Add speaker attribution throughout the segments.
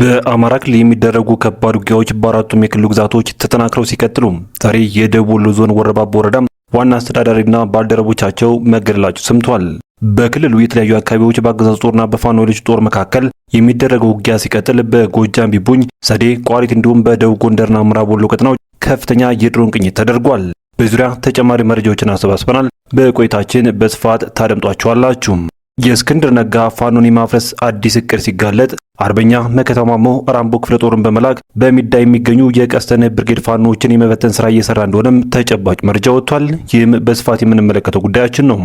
Speaker 1: በአማራ ክልል የሚደረጉ ከባድ ውጊያዎች በአራቱም የክልሉ ግዛቶች ተጠናክረው ሲቀጥሉ ዛሬ የደቡብ ወሎ ዞን ወረባቦ ወረዳ ዋና አስተዳዳሪና ባልደረቦቻቸው መገደላቸው ሰምቷል። በክልሉ የተለያዩ አካባቢዎች በአገዛዙ ጦርና በፋኖ ጦር መካከል የሚደረገው ውጊያ ሲቀጥል በጎጃም ቢቡኝ፣ ሰዴ፣ ቋሪት እንዲሁም በደቡብ ጎንደርና ምዕራብ ወሎ ቀጠናዎች ከፍተኛ የድሮን ቅኝት ተደርጓል። በዙሪያ ተጨማሪ መረጃዎችን አሰባስበናል። በቆይታችን በስፋት ታደምጧቸዋላችሁ። የእስክንድር ነጋ ፋኖን የማፍረስ አዲስ እቅድ ሲጋለጥ አርበኛ መከታው ማሞ ራምቦ ክፍለ ጦርን በመላክ በሚዳ የሚገኙ የቀስተነ ብርጌድ ፋኖዎችን የመበተን ስራ እየሰራ እንደሆነም ተጨባጭ መረጃ ወጥቷል። ይህም በስፋት የምንመለከተው ጉዳያችን ነው።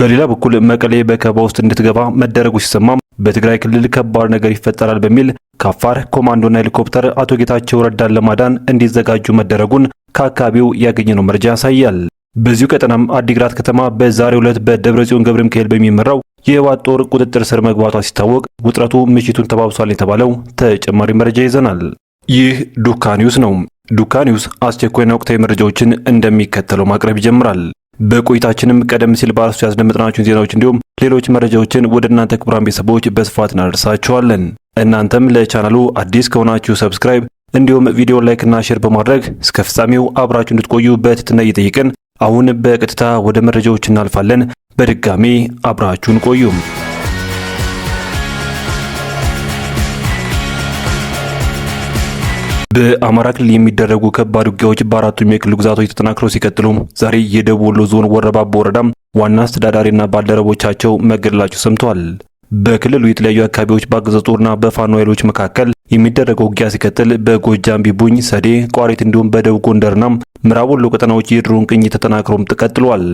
Speaker 1: በሌላ በኩል መቀሌ በከባ ውስጥ እንድትገባ መደረጉ ሲሰማም በትግራይ ክልል ከባድ ነገር ይፈጠራል በሚል ከአፋር ኮማንዶና ሄሊኮፕተር አቶ ጌታቸው ረዳን ለማዳን እንዲዘጋጁ መደረጉን ከአካባቢው ያገኘነው መረጃ ያሳያል። በዚሁ ቀጠናም አዲግራት ከተማ በዛሬው ዕለት በደብረ ጽዮን ገብረ ሚካኤል በሚመራው የህወሓት ጦር ቁጥጥር ስር መግባቷ ሲታወቅ ውጥረቱ ምሽቱን ተባብሷል የተባለው ተጨማሪ መረጃ ይዘናል። ይህ ዱካ ኒውስ ነው። ዱካ ኒውስ አስቸኳይና ወቅታዊ መረጃዎችን እንደሚከተለው ማቅረብ ይጀምራል። በቆይታችንም ቀደም ሲል በአርሱ ያስደመጥናችሁን ዜናዎች እንዲሁም ሌሎች መረጃዎችን ወደ እናንተ ክቡራን ቤተሰቦች በስፋት እናደርሳችኋለን። እናንተም ለቻናሉ አዲስ ከሆናችሁ ሰብስክራይብ እንዲሁም ቪዲዮ ላይክና ሼር በማድረግ እስከ ፍጻሜው አብራችሁ እንድትቆዩ በትህትና እየጠየቅን አሁን በቀጥታ ወደ መረጃዎች እናልፋለን። በድጋሜ አብራችሁን ቆዩም። በአማራ ክልል የሚደረጉ ከባድ ውጊያዎች በአራቱም የክልል ግዛቶች ተጠናክረው ሲቀጥሉ ዛሬ የደቡብ ወሎ ዞን ወረባቦ ወረዳ ዋና አስተዳዳሪና ባልደረቦቻቸው መገደላቸው ሰምተዋል። በክልሉ የተለያዩ አካባቢዎች በአገዛዙ ጦርና በፋኖ ኃይሎች መካከል የሚደረገው ውጊያ ሲቀጥል በጎጃም ቢቡኝ፣ ሰዴ፣ ቋሪት እንዲሁም በደቡብ ጎንደርና ምዕራብ ወሎ ቀጠናዎች የድሮን ቅኝት ተጠናክሮም ቀጥሏል።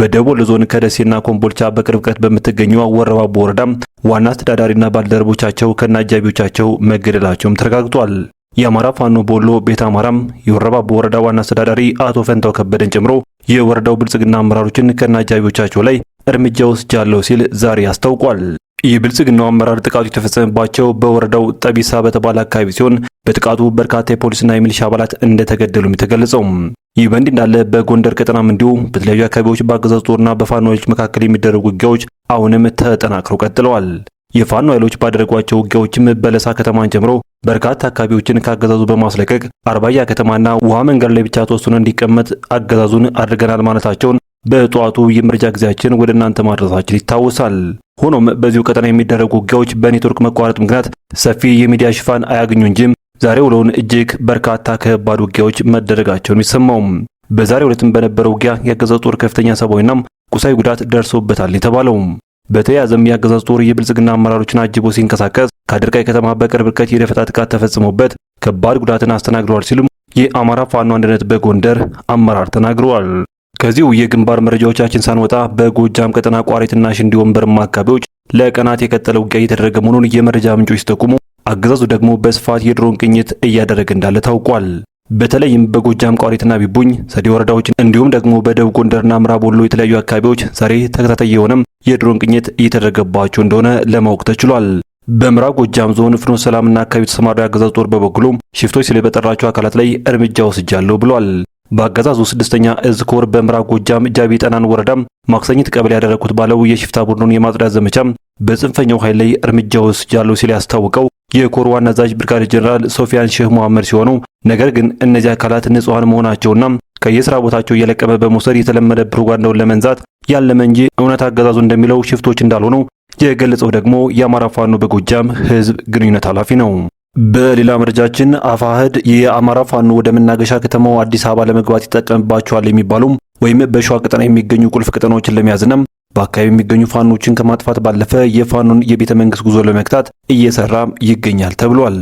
Speaker 1: በደቡብ ወሎ ዞን ከደሴና ኮምቦልቻ በቅርብ ርቀት በምትገኘው ወረባቦ ወረዳ ዋና አስተዳዳሪና ባልደረቦቻቸው ከነ አጃቢዎቻቸው መገደላቸውም ተረጋግጧል። የአማራ ፋኖ ቦሎ ቤት አማራም የወረባቦ ወረዳ ዋና አስተዳዳሪ አቶ ፈንታው ከበደን ጨምሮ የወረዳው ብልጽግና አመራሮችን ከነ አጃቢዎቻቸው ላይ እርምጃ ወስጃለሁ ሲል ዛሬ አስታውቋል። የብልጽግናው አመራር ጥቃቱ የተፈጸመባቸው በወረዳው ጠቢሳ በተባለ አካባቢ ሲሆን በጥቃቱ በርካታ የፖሊስና የሚሊሻ አባላት እንደተገደሉም የተገለጸው። ይህ በእንዲህ እንዳለ በጎንደር ቀጠናም እንዲሁ በተለያዩ አካባቢዎች በአገዛዙ ጦርና በፋኖዎች መካከል የሚደረጉ ውጊያዎች አሁንም ተጠናክረው ቀጥለዋል። የፋኖ ኃይሎች ባደረጓቸው ውጊያዎችም በለሳ ከተማን ጀምሮ በርካታ አካባቢዎችን ከአገዛዙ በማስለቀቅ አርባያ ከተማና ውሃ መንገድ ላይ ብቻ ተወስኖ እንዲቀመጥ አገዛዙን አድርገናል ማለታቸውን በጠዋቱ የመረጃ ጊዜያችን ወደ እናንተ ማድረሳችን ይታወሳል። ሆኖም በዚሁ ቀጠና የሚደረጉ ውጊያዎች በኔትወርክ መቋረጥ ምክንያት ሰፊ የሚዲያ ሽፋን አያገኙ እንጂም ዛሬ ውለውን እጅግ በርካታ ከባድ ውጊያዎች መደረጋቸውን ይሰማውም። በዛሬ ዕለትም በነበረው ውጊያ የአገዛዝ ጦር ከፍተኛ ሰብአዊና ቁሳዊ ጉዳት ደርሶበታል የተባለው። በተያያዘም የአገዛዝ ጦር የብልጽግና አመራሮችን አጅቦ ሲንቀሳቀስ ከአድርቃይ ከተማ በቅርብ ርቀት የደፈጣ ጥቃት ተፈጽሞበት ከባድ ጉዳትን አስተናግደዋል ሲሉም የአማራ ፋኖ አንድነት በጎንደር አመራር ተናግረዋል። ከዚሁ የግንባር መረጃዎቻችን ሳንወጣ በጎጃም ቀጠና ቋሪትና ሽንዲ ወንበርማ አካባቢዎች ለቀናት የቀጠለ ውጊያ እየተደረገ መሆኑን የመረጃ ምንጮች ጠቁሙ። አገዛዙ ደግሞ በስፋት የድሮን ቅኝት እያደረገ እንዳለ ታውቋል። በተለይም በጎጃም ቋሪትና ቢቡኝ ሰዴ ወረዳዎች እንዲሁም ደግሞ በደቡብ ጎንደርና ምዕራብ ወሎ የተለያዩ አካባቢዎች ዛሬ ተከታታይ የሆነም የድሮን ቅኝት እየተደረገባቸው እንደሆነ ለማወቅ ተችሏል። በምዕራብ ጎጃም ዞን ፍኖ ሰላምና አካባቢ የተሰማራ አገዛዝ ጦር በበኩሉ ሽፍቶች ሲል በጠራቸው አካላት ላይ እርምጃ ወስጃለሁ ብሏል። በአገዛዙ ስድስተኛ እዝ ኮር በምዕራብ ጎጃም ጃቢ ጠናን ወረዳ ማክሰኝት ቀበሌ ያደረኩት ባለው የሽፍታ ቡድኑን የማጽዳት ዘመቻ በጽንፈኛው ኃይል ላይ እርምጃ ወስጃለሁ ሲል ያስታወቀው የኮር ዋና አዛዥ ብርጋዴር ጀኔራል ሶፊያን ሼህ መሐመድ ሲሆኑ ነገር ግን እነዚህ አካላት ንጹሐን መሆናቸውና ከየስራ ቦታቸው እየለቀመ በመውሰድ የተለመደ ፕሮፓጋንዳውን ለመንዛት ያለመ እንጂ እውነት አገዛዙ እንደሚለው ሽፍቶች እንዳልሆኑ የገለጸው ደግሞ የአማራ ፋኖ በጎጃም ህዝብ ግንኙነት ኃላፊ ነው። በሌላ መረጃችን አፋህድ የአማራ ፋኖ ወደ መናገሻ ከተማው አዲስ አበባ ለመግባት ይጠቀምባቸዋል የሚባሉም ወይም በሸዋ ቀጠና የሚገኙ ቁልፍ ቀጠናዎችን ለመያዝና። በአካባቢ የሚገኙ ፋኖችን ከማጥፋት ባለፈ የፋኖን የቤተ መንግስት ጉዞ ለመግታት እየሰራ ይገኛል ተብሏል።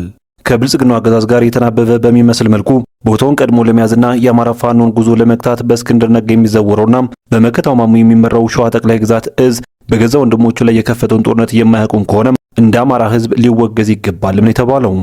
Speaker 1: ከብልጽግናው አገዛዝ ጋር የተናበበ በሚመስል መልኩ ቦታውን ቀድሞ ለመያዝና የአማራ ፋኖን ጉዞ ለመግታት በእስክንድር ነጋ የሚዘወረውና በመከታው ማሙ የሚመራው ሸዋ ጠቅላይ ግዛት እዝ በገዛ ወንድሞቹ ላይ የከፈተውን ጦርነት የማያቆም ከሆነ እንደ አማራ ህዝብ ሊወገዝ ይገባልም የተባለው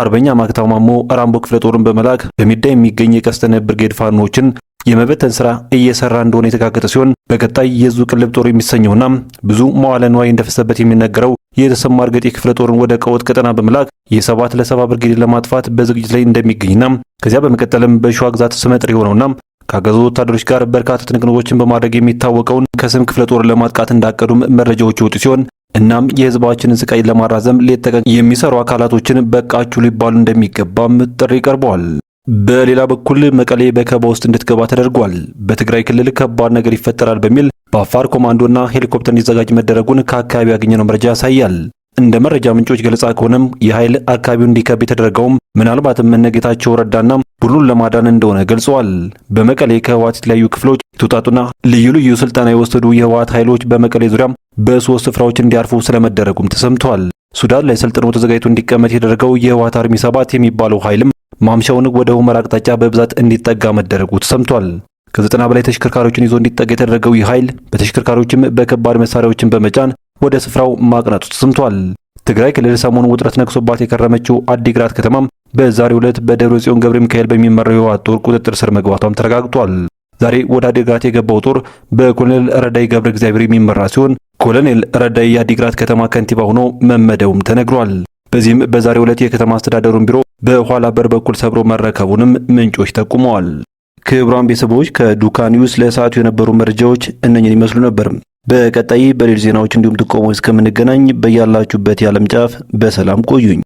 Speaker 1: አርበኛ ማክታው ማሞ ራምቦ ክፍለ ጦርን በመላክ በሚዳ የሚገኝ የቀስተነ ብርጌድ ፋኖችን የመበተን ስራ እየሰራ እንደሆነ የተጋገጠ ሲሆን በቀጣይ የዙ ቅልብ ጦር የሚሰኘውና ብዙ መዋለ ንዋይ እንደፈሰበት የሚነገረው የተሰማ እርገጤ ክፍለ ጦርን ወደ ቀወት ቀጠና በመላክ የሰባት ለሰባ ብርጌድ ለማጥፋት በዝግጅት ላይ እንደሚገኝና ከዚያ በመቀጠልም በሸዋ ግዛት ስመጥር የሆነውና ከአገዙ ወታደሮች ጋር በርካታ ትንቅንቆችን በማድረግ የሚታወቀውን ከስም ክፍለ ጦር ለማጥቃት እንዳቀዱም መረጃዎች ወጡ ሲሆን እናም የህዝባችንን ስቃይ ለማራዘም ሌት ተቀን የሚሰሩ አካላቶችን በቃችሁ ሊባሉ እንደሚገባም ጥሪ ቀርበዋል። በሌላ በኩል መቀሌ በከባ ውስጥ እንድትገባ ተደርጓል። በትግራይ ክልል ከባድ ነገር ይፈጠራል በሚል በአፋር ኮማንዶና ሄሊኮፕተር እንዲዘጋጅ መደረጉን ከአካባቢ ያገኘነው መረጃ ያሳያል። እንደ መረጃ ምንጮች ገለጻ ከሆነም የኃይል አካባቢው እንዲከብ የተደረገውም ምናልባትም እነ ረዳና ቡድኑን ለማዳን እንደሆነ ገልጸዋል። በመቀሌ ከህወሓት የተለያዩ ክፍሎች የተውጣጡና ልዩ ልዩ ስልጠና የወሰዱ የህወሓት ኃይሎች በመቀሌ ዙሪያም በሶስት ስፍራዎች እንዲያርፉ ስለመደረጉም ተሰምቷል። ሱዳን ላይ ሰልጥኖ ተዘጋጅቶ እንዲቀመጥ የተደረገው የህወሓት አርሚ ሰባት የሚባለው ኃይልም ማምሻውን ወደ ሁመራ አቅጣጫ በብዛት እንዲጠጋ መደረጉ ተሰምቷል። ከዘጠና በላይ ተሽከርካሪዎችን ይዞ እንዲጠጋ የተደረገው ይህ ኃይል በተሽከርካሪዎችም በከባድ መሳሪያዎችን በመጫን ወደ ስፍራው ማቅናቱ ተሰምቷል። ትግራይ ክልል ሰሞኑን ውጥረት ነግሶባት የከረመችው አዲግራት ከተማም በዛሬው ዕለት በደብረ ጽዮን ገብረ ሚካኤል በሚመራው የህወሓት ጦር ቁጥጥር ስር መግባቷም ተረጋግጧል። ዛሬ ወደ አዲግራት የገባው ጦር በኮሎኔል ረዳይ ገብረ እግዚአብሔር የሚመራ ሲሆን ኮሎኔል ረዳይ የአዲግራት ከተማ ከንቲባ ሆኖ መመደቡም ተነግሯል። በዚህም በዛሬው ዕለት የከተማ አስተዳደሩን ቢሮ በኋላ በር በኩል ሰብሮ መረከቡንም ምንጮች ጠቁመዋል። ክቡራን ቤተሰቦች ከዱካ ኒውስ ለሰዓቱ የነበሩ መረጃዎች እነኝን ይመስሉ ነበር። በቀጣይ በሌሎች ዜናዎች እንዲሁም ጥቆሞች እስከምንገናኝ በያላችሁበት የዓለም ጫፍ በሰላም ቆዩኝ።